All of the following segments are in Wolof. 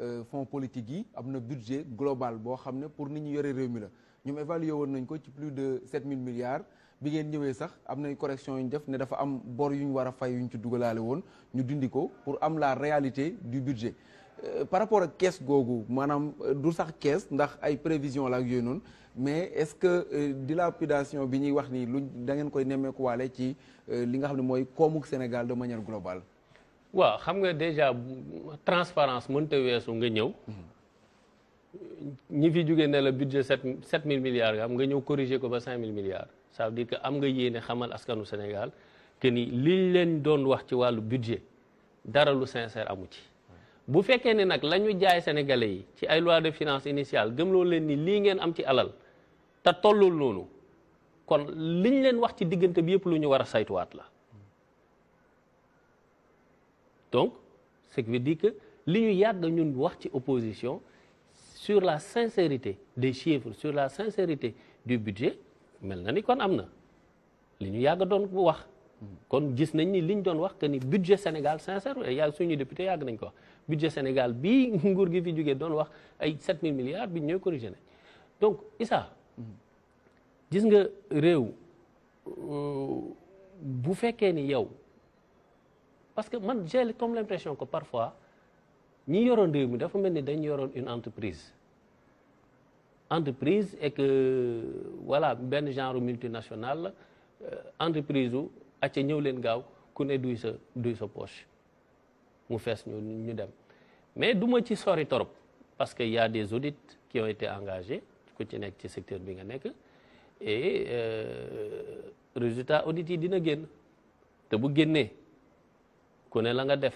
Euh, fonds politique yi am na budget global boo xam ne pour nit ñi yore réew mi la ñoom évalué woon nañ ko ci plus de 7000 milliards bi ngeen ñëwee sax am na correction yu ñu def ne dafa am bor yu ñu war a fay yu ñu ci dugalaale woon ñu dindi ko pour am la réalité du budget euh, par rapport ak kees googu maanaam euh, du sax kees ndax ay prévision la ak yooyu noonu mais est-ce que dilapidation bi ñuy wax ni luñ da ngeen koy nemmeekuwaale ci li nga xam ne mooy koomuk Sénégal de manière globale waaw xam nga déjà transparence mënta weesu nga ñëw ñi fi jógee ne la budget sept sept mille milliards nga am nga ñëw corriger ko ba cinq mille milliards ça veut dire que am nga yéene xamal askanu Sénégal que ni liñ leen doon wax ci wàllu budget dara lu sincère amu ci bu fekkee ne nag la ñu jaay sénégalais yi ci ay loi de finances initiale gëmloo leen ni lii ngeen am ci alal te tollul noonu kon li ñu leen wax ci diggante bi yëpp lu ñu war a saytuwaat la donc ce qui veut dire que li ñu yàgg ñun wax ci opposition sur la sincérité des chiffres sur la sincérité du budget mel na ni kon am na li ñu yàgg doon bu wax kon gis nañ ni liñ doon wax que ni budget Sénégal sincère yaa suñu député yàgg nañ ko wax budget Sénégal bii nguur gi fi jugee doon wax ay 7000 milliards bi ñooy corrigé nañ donc Issa gis nga réew euh, bu fekkee ni yow parce que man j'ai comme l'impression que parfois ñi yoroon réew mi dafa mel ni dañu yoroon une entreprise entreprise et que voilà benn genre multinationale la euh, entreprise u acca ñëw leen gaaw ku ne duy sa duy sa poche mu fees ñu ñu dem mais du ma ci sori torop parce que y des audits qui ont été engagés ku ci nekk ci secteur bi nga nekk et euh, résultat audit yi dina génn te bu génnee ku ne la nga def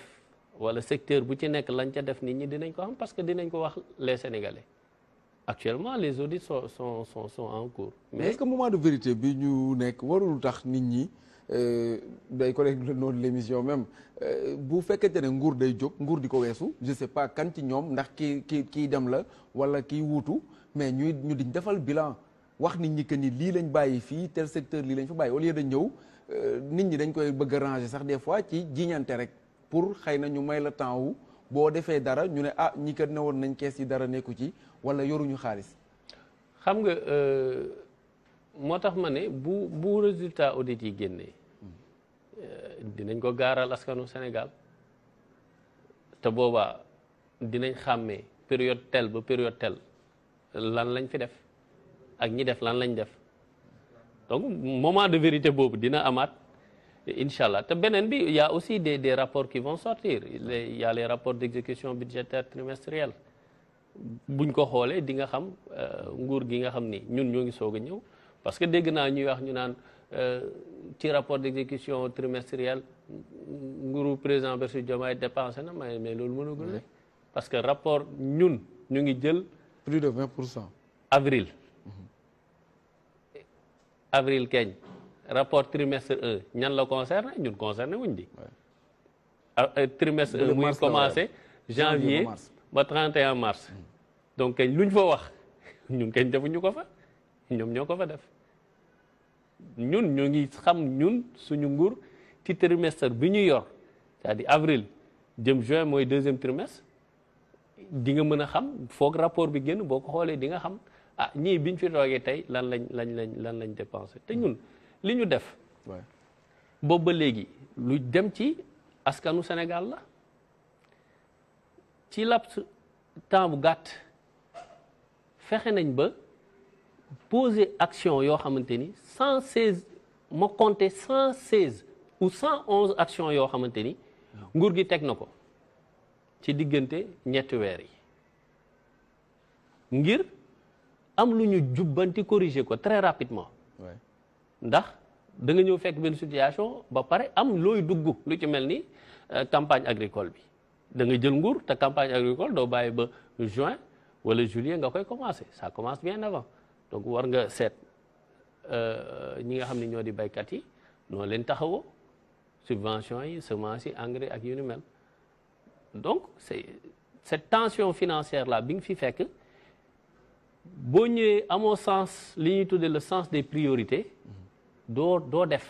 wala secteur bu ci nekk lañ ca def nit ñi dinañ ko xam parce que dinañ ko wax les sénégalais actuellement les audits so sont sont sont en cours. mais est que moment de vérité bi ñu nekk warul tax nit ñi euh, day ko rek noonu l'émission même euh, bu fekkente ne nguur day jóg nguur di ko weesu je sais pas kan ci ñoom ndax kii kii kii dem la wala kii wuutu mais ñuy ñu diñ defal bilan wax nit ñi que ni lii lañ bàyyi fii tel secteur lii lañ fa bàyyi au lieu de ñëw. Euh, nit ñi dañ koy bëgg a ranger sax des fois ci jiñante rek pour xëy na ñu may la temps wu boo defee dara ñu ne ah ñii ñi kat woon nañ kees yi dara nekku ci wala yoruñu xaalis. xam nga euh, moo tax ma ne bu bu résultat audit génne génnee euh, dinañ ko gaaral askanu Sénégal te booba dinañ xàmmee période tel ba période tel lan lañ fi def ak ñi def lan lañ def. donc moment de vérité boobu dina amaat incha allah te beneen bi yaa aussi des des rapports qui vont sortir il y' a les rapports d' exécution budgétaire trimestrielle buñ ko xoolee di nga xam euh, nguur gi nga xam ni ñun ñoo ngi soog a ñëw parce que dégg naa ñuy wax ñu naan euh, ci rapport d' exécution trimestrielle nguuru président Bassirou Diomaye dépensé na mais mais loolu mënagul ne parce que rapport ñun ñu ngi jël. plus de 20 pour cent. avril. avril keñ rapport trimestre E ñan la concerné ñun concerné wuñ di ah, euh, trimestre E muy commencé janvier ba 31 mars mm. donc keñ luñ fa wax ñun keñ defuñu ko fa ñoom ñoo ko fa def ñun ñu ngi xam ñun suñu nguur ci trimestre bi ñu yor cest avril jëm juin mooy deuxième trimestre di nga mën a xam foog rapport bi génn boo ko xoolee di nga xam Ah, ñii biñ fi toogee tey lan lañ lañ lañ lan lañ dépensé te ñun li ñu def. boobu ba léegi lu dem ci askanu Sénégal la ci laps temps bu gàtt fexe nañ ba pose action yoo xamante ni cent seize ma compté cent seize ou cent onze yoo xamante ni nguur gi teg na ko ci diggante ñetti weer yi ngir. am lu ñu jubbanti corriger ko très rapidement. ndax da nga ñëw fekk benn situation ba pare am looy dugg lu ci mel ni euh, campagne agricole bi da nga jël nguur te campagne agricole doo bàyyi ba juin wala juillet nga koy commencer ça commence bien avant donc war nga seet euh, ñi nga xam ne ñoo di baykat yi noo leen taxawoo subvention yi semence yi engrais ak yu donc c'est cette tension financière la bi nga fi fekk. boo ñëwee amoo sens li ñuy tuddee le sens des priorités doo doo def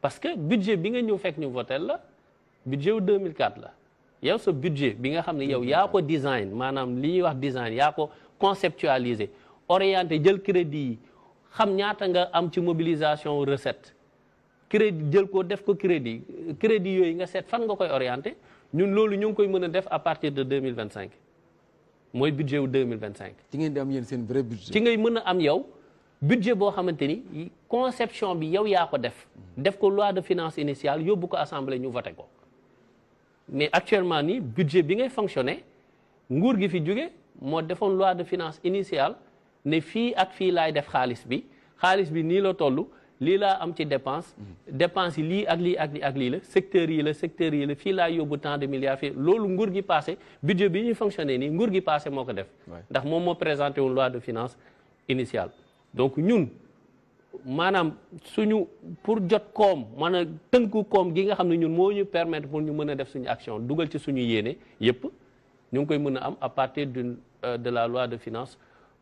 parce que budget bi nga ñëw fekk ñu votel la budget wu 2004 la yow sa budget bi nga xam ne yow yaa ko design maanaam li ñuy wax design yaa ko conceptualiser orienté jël crédit yi xam ñaata nga am ci mobilisation recette crédit jël ko def ko crédit crédit yooyu nga seet fan nga koy orienté ñun loolu ñu ngi koy mën a def à partir de 2025 mooy budget wu mille vingt cinq. ci ngeen di am yéen seen vrai budget. ci ngay mën a am yow budget boo xamante ni conception bi yow yaa ko def. def ko loi de finance initiale yóbbu ko assemblée ñu voté ko mais actuellement nii budget bi ngay fonctionner nguur gi fi jóge moo defoon loi de finance initiale ne fii ak fii laay def xaalis bi xaalis bi nii la toll. lii laa am ci dépense dépense yi lii ak lii ak lii ak la secteur yii la secteur yi la fii laa yóbbu tant de milliards fii loolu nguur gi passé budget bi ñu fonctionné nii nguur gi passé moo ko def ndax moom moo présenté woon loi de finance initiale donc ñun maanaam suñu pour jot koom man a tënku koom gi nga xam ne ñun moo ñu permettre pour ñu mën a def suñu action dugal ci suñu yéene yépp ñu ngi koy mën a am à partir d'une euh, de la loi de finance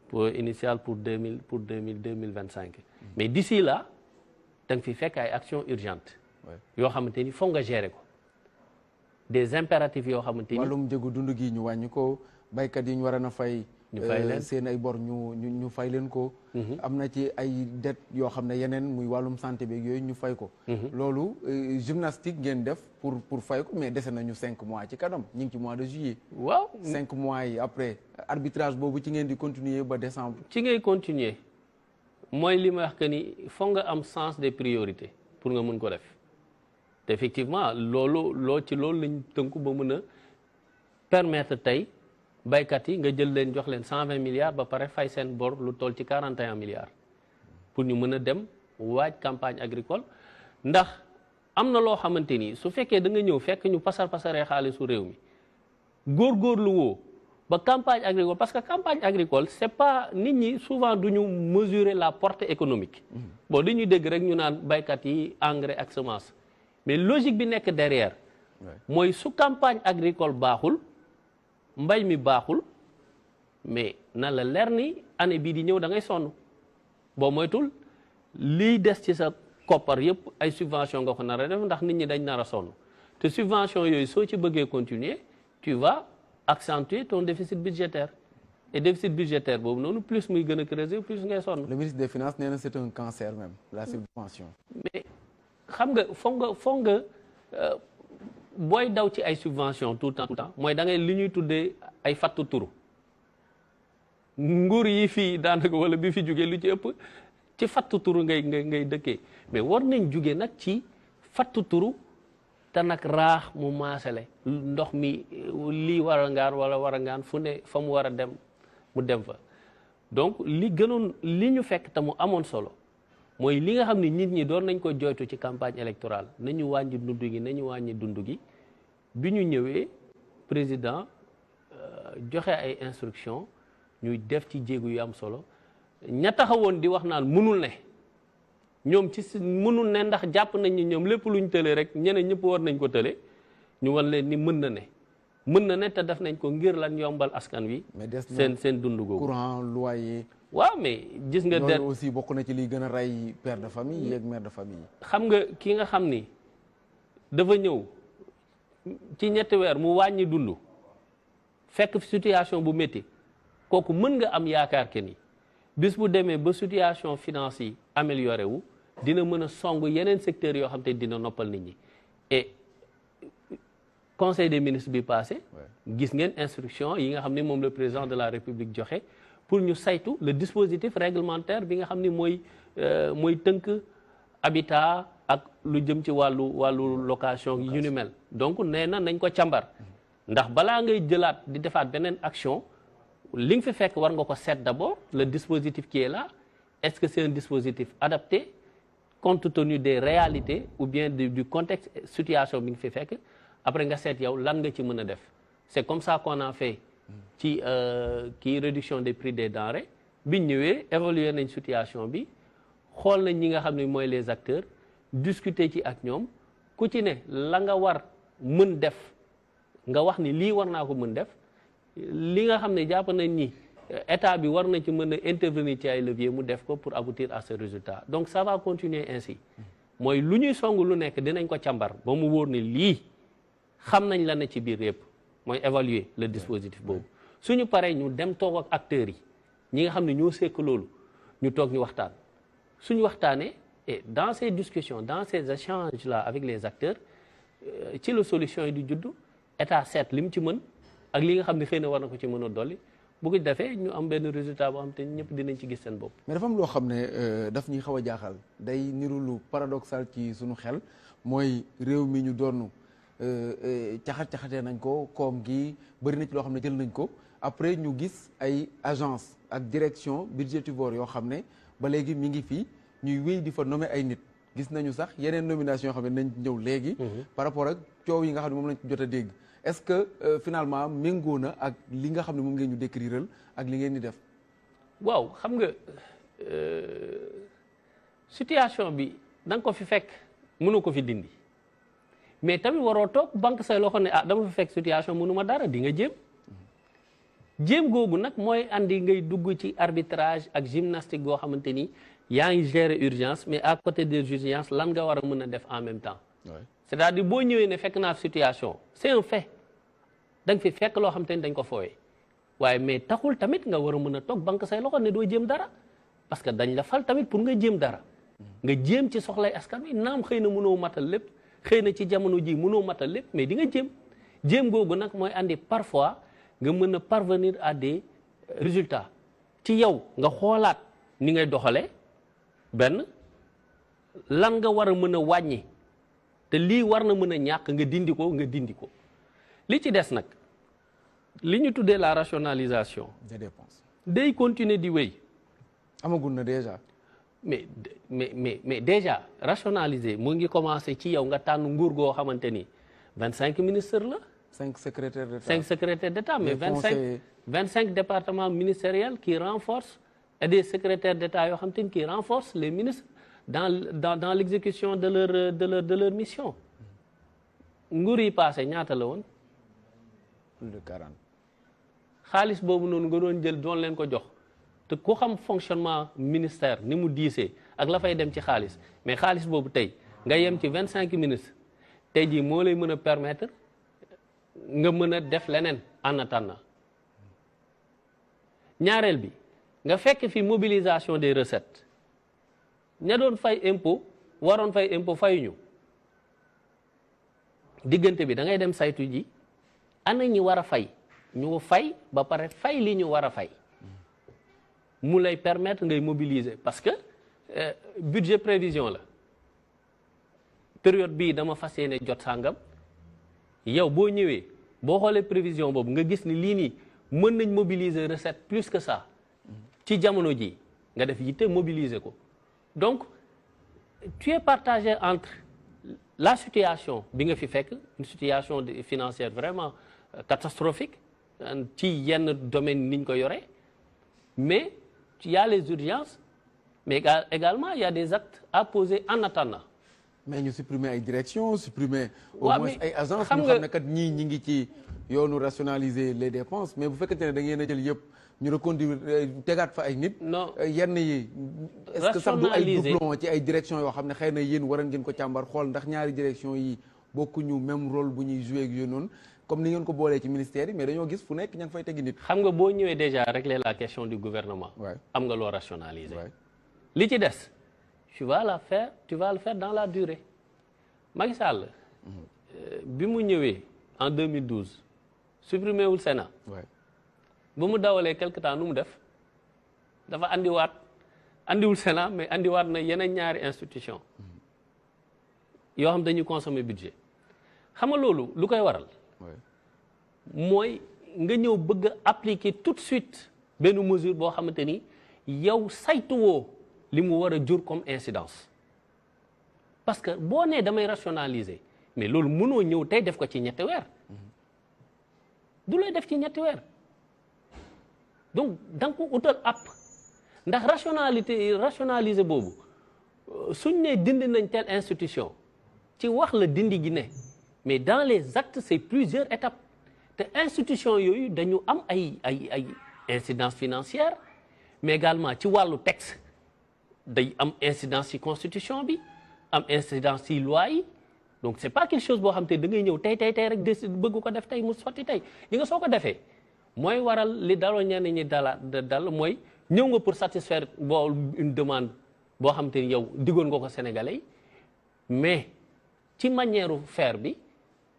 pour initiale pour deux mille pour deux mille deux mille vingt cinq mm. là da nga fi fekk ay actions urgentes. yoo xamante ni foog nga gérer ko. des impératifs yoo xamante ni wàllum njëgu dund gi ñu wàññi ko baykat yi ñu war a fay. ñu euh, seen ay bor ñu ñu ñu fay leen ko. Mhm. am na ci ay dette yoo xam ne yeneen muy wàllum santé beeg yooyu ñu fay ko. Mhm. loolu euh, gymnastique ngeen def pour pour fay ko mais dese ñu cinq mois ci kanam ñu ngi ci mois de juillet. waaw cinq mois yi après arbitrage boobu ci ngeen di continuer ba décembre. ki ngay continuer mooy li ma wax que ni foog nga am sens des priorité pour nga mun ko def te effectivement loolu loo ci loolu lañu tënku ba mun a permettre tey baykat yi nga jël leen jox leen cent vingt milliards ba pare fay seen bor lu tool ci quarante et un milliards pour ñu mën a dem waaj campagne agricole ndax am na loo xamante ni su fekkee da nga ñëw fekk ñu pasar pasaree xaalisu réew mi góorgóorlu woo ba campagne agricole parce que campagne agricole c'est pas nit ñi souvent du ñu mesurer la portée économique. Mm-hmm. bon li ñuy dégg rek ñu naan baykat yi engrais ak semence mais logique bi nekk derrière. mooy su campagne agricole baaxul mbay mi baaxul mais na la leer ni année bii di ñëw da ngay sonn boo moytul liy des ci sa koppar yëpp ay subvention nga ko nar def ndax nit ñi dañ nar a sonn subvention yooyu soo ci bëggee continuer accentuer ton déficit budgétaire et déficit budgétaire boobu noonu plus muy gën a creuser plus ngay sonn. le ministre de finances nee na c'est un cancer même la subvention. mais xam nga foog nga foog nga euh, booy daw ci ay subvention tout le temps tout le temps mooy dangay ngay li ñuy tuddee ay fattu turu nguur yi fii daanaka wala bi fi jugee lu ci ëpp ci fattu turu ngay ngay ngay dëkkee mais war nañ jóge nag ci fattu turu. te nag raax mu maasale ndox mi lii war a ngaan wala war a ngaan fu ne fa mu war a dem mu dem fa donc li gënoon li ñu fekk te mu amoon solo mooy li nga xam ne nit ñi doon nañ ko joytu ci campagne électorale nañu wàññi dund gi nañu wàññi dundu gi bi ñu ñëwee président euh, joxe ay instruction ñuy def ci jéegu yi am solo ña taxawoon di wax naan mënul ne ñoom ci si mënul ne ndax jàpp nañ ni ñoom lépp luñ tële rek ñeneen ñëpp war nañ ko tële ñu wan leen ni mën na ne mën na ne te def nañ ko ngir lan yombal askan wi. seen seen dund googu courant loyer. waaw mais gis nga. der aussi bokk na ci liy gën a rey père de famille yeeg mère de famille. xam nga ki nga xam ni dafa ñëw ci ñetti weer mu wàññi dund fekk situation bu métti kooku mën nga am yaakaar ke ni bis bu demee ba situation finance yi amélioré wu. dina mën a song yeneen secteurs yoo xam te dina noppal nit ñi e conseil des ministre bi passé gis ngeen instruction yi nga xam ne moom la président de la république joxe pour ñu saytu le dispositif réglementaire bi nga xam ne mooy euh, mooy tënk habitat ak lu jëm ci wàllu wàllu location ñu ni mel donc nee na nañ ko càmbar ndax balaa ngay jëlaat di defaat beneen action li nga fi fekk war nga ko seet d'abord le dispositif ki est est-ce que c'est un dispositif adapté compte tenu des réalité ou bien du, du contexte situation bi nga fi fekk après nga seet yow lan nga ci mën a def c'est comme ça qu'on a fait ci kii euh, réduction des prix des bi biñ ñëwee évoluer nañ situation bi xool nañ ñi nga xam ne mooy les acteurs discuter ci ak ñoom ku ci ne la nga war mën def nga wax ni lii war naa ko mën def li nga xam ne jàpp nañ état bi war na ci mën a intervenir ci ay levier mu def ko pour aboutir à ce résultat donc ça va continuer ainsi mooy lu ñuy song lu nekk dinañ ko càmbar ba mu wóor ne lii xam nañ la ne ci biir yëpp mooy évaluer le dispositif boobu suñu paree ñu dem toog ak acteurs yi ñi nga xam ne ñoo sekk loolu ñu toog ñu waxtaan suñu waxtaanee et dans ces discussions dans ces échanges la avec les acteurs euh, ci la solution yi di judd état seet li mu ci mën ak li nga xam ne xëy na war na ko ci mën a dolli bu ko defee ñu am benn résultat boo xam te ñëpp dinañ ci gis seen bopp. mais dafa am loo xam ne euh, daf ñuy xaw a jaaxal day niru lu paradoxal ci suñu xel mooy réew mi ñu doon euh, euh, caxat caxatee nañ ko koom gi bëri na ci loo xam ne jël nañ ko après ñu gis ay agence ak direction budgétivore yoo xam ne ba léegi mi ngi fii ñuy wéy di fa nommer ay nit. gis nañu sax yeneen nomination yoo xam ne nañ ñëw léegi. Mhm. par rapport ak coow yi nga xam ne moom lañ ci jot a dégg. est-ce que euh, finalement méngoo na ak li nga xam ne moom ngeen ñu décriral ak li ngeen di def. waaw xam nga euh, situation bi danga ko fi fekk mënu ko fi dindi mais tamit waroo toog banque say xam ne a ah, dama fi fekk situation mënu ma dara di nga jéem. jéem googu nag mooy andi ngay dugg ci arbitrage ak gymnastique goo xamante ni yaa ngi gérer urgence mais à côté des urgences lan nga war a mën a def en même temps. Ouais. c'est-à-dire boo ñëwee ne fekk naa situation c'est da nga fi fekk loo xam te ni dañ ko fooye waaye mais taxul tamit nga war a mën a toog banque say loxo ne doo jëm dara parce que dañ la fal tamit pour nga jëm dara nga jéem ci soxlay askan wi naam xëy na mënoo matal lépp xëy na ci jamono ji mënoo matal lépp mais di nga jéem jéem googu nag mooy andi parfois nga mën a parvenir à des euh, résultats ci yow nga xoolaat ni ngay doxalee benn lan nga war a mën a wàññi te lii war na mën a ñàkk nga dindi ko nga dindi ko li ci des nag li ñu tuddee la rationalisation. des dépenses day continuer di wéy. amagul na déjà. mais mais mais mais déjà rationaliser mu ngi commencé ci yow nga tànn nguur goo xamante ni vingt cinq ministres la. cinq secrétaires cinq secrétaires d'État mais vingt cinq vingt cinq départements ministériels qui renforcent et des secrétaires d'État yoo xamante ni qui renforcent les ministre dans dans dans l'exécution de leur de leur de leur mission. nguur yi passé ñaata la woon. plus xaalis boobu noonu nga doon jël doon leen ko jox te ku xam fonctionnement ministère ni mu diisee ak la fay dem ci xaalis mais xaalis boobu tey nga yem ci vingt cinq ministres tey jii moo lay mën a permettre nga mën a def leneen en attendant ñaareel bi nga fekk fi mobilisation des recettes ña doon fay impo waroon fay impôt fayuñu diggante bi da ngay dem saytu ji. ana ñi war a fay ñu fay ba pare fay li ñu war a fay mu lay permettre ngay mobiliser parce que euh, budget prévision la période bii dama fas ne jot sàngam yow boo ñëwee boo xoolee prévision boobu nga gis ni lii nii mën nañ mobiliser recette plus que ça ci jamono ji nga def yitte mobiliser ko donc tu es partagé entre la situation bi nga fi fekk une situation financière vraiment catastrophique ci yenn domaine niñ ko yore mais il y a les urgences mais également yaa des actes à poser en attendant. mais ñu supprimer ay directions supprimer au ouais, ay agences ñu xam ne kat ñii ñi ngi ci yoonu rationaliser les dépenses mais bu fekkente ne da ngeen a jël yëpp ñu reconduire euh, tegaat fa ay nit. non euh, yenn yi. est-ce que sax du ay doublon ci ay direction yoo xam ne xëy na yéen war ngeen ko càmbar xool ndax ñaari direction yi ñu même rôle bu ñuy joué noonu. comme ni ngeen ko boolee ci ministère yi mais dañoo gis fu nekk ña ngi fay teggi nit. xam nga boo ñëwee déjà régler la question du gouvernement. am nga loo rationaliser. li ci des tu vas la faire tu vas dans la durée Macky Sall. Mm-hmm. Euh, bi mu ñëwee en 2012 supprimé wul Sénat. ba mu dawalee quelque temps nu mu def dafa andiwaat wul Sénat mais andiwaat na yeneen ñaari institution mm-hmm. yoo xam dañuy consommer budget xam nga loolu lu koy waral. mooy nga ñëw bëgg a appliquer tout de suite benn mesure boo xamante ni yow saytuwoo li mu war a jur comme incidence parce que boo nee damay rationaliser mais loolu munoo ñëw tey def ko ci ñetti weer du lay def ci ñetti weer donc da nga utal app ndax rationalité rationaliser boobu euh, suñ nee dindi nañ telle institution ci wax la dindi gi ne mais dans les actes c'est plusieurs étapes te institution yooyu dañu am ay ay ay incidence financière mais également ci wàllu texte day am incidence ci constitution bi am incidence ci loi yi donc c'est pas quelque chose boo xam te da ngay ñëw tey tey tey rek décide bëgg ko def tey mu sotti tey ñi nga soo ko defee mooy waral li daloo ñenn ñi dala dal mooy ñëw nga pour satisfaire boo une demande boo xam te ni yow diggoon nga ko Sénégalais yi mais ci manière faire bi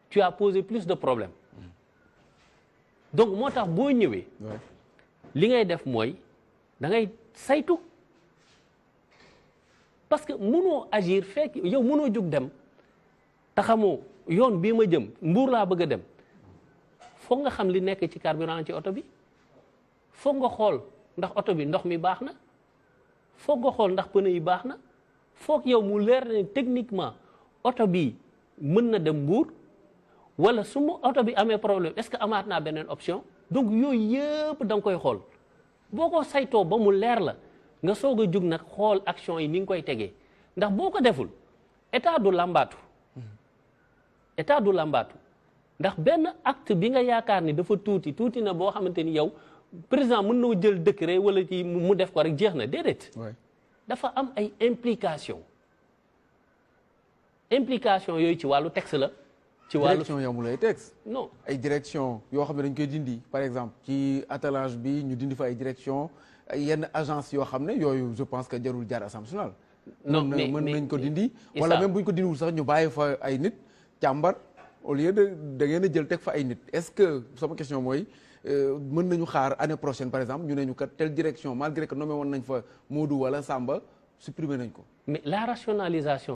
tu as posé plus de problèmes donc moo tax boo ñëwee. li ngay def mooy dangay ngay saytu parce que mënoo agir fekk yow mënoo jóg dem te xamoo yoon bii ma jëm mbuur laa bëgg a dem foog nga xam li nekk ci carburant ci oto bi foog nga xool ndax oto bi ndox mi baax na foog nga xool ndax pneu yi baax na foog yow mu leer ne techniquement oto bi mën na dem mbuur. wala su ma oto bi amee problème est-ce que amaat naa beneen option donc yooyu yëpp da nga koy xool boo ko saytoo ba mu leer la nga soog a jug nag xool action yi ni nga koy tegee ndax boo ko deful état du làmbaatu état du làmbaatu ndax benn act bi nga yaakaar ni dafa tuuti tuuti na boo xamante ni yow président mën noo jël décret wala ci mu def ko rek jeex na déedéet. dafa am ay implication implication yooyu ci wàllu texte la. ci wàllu direction lay ay texte ay direction yoo xam ne dañ koy dindi par exemple ci attelage bi ñu dindi fa ay direction yenn agence yoo xam ne yooyu je pense que jarul jaar assemblée nationale non mais mën nañ ko dindi wala même bu ko dindiwul sax ñu bàyye fa ay nit càmbar au lieu de da ngeen a jël teg fa ay nit est-ce que sama question mooy euh, mën nañu xaar anne prochaine par exemple ñu ne ñu kat telle direction malgré que nommé woon nañ fa Modou wala Samba supprimer nañ ko mais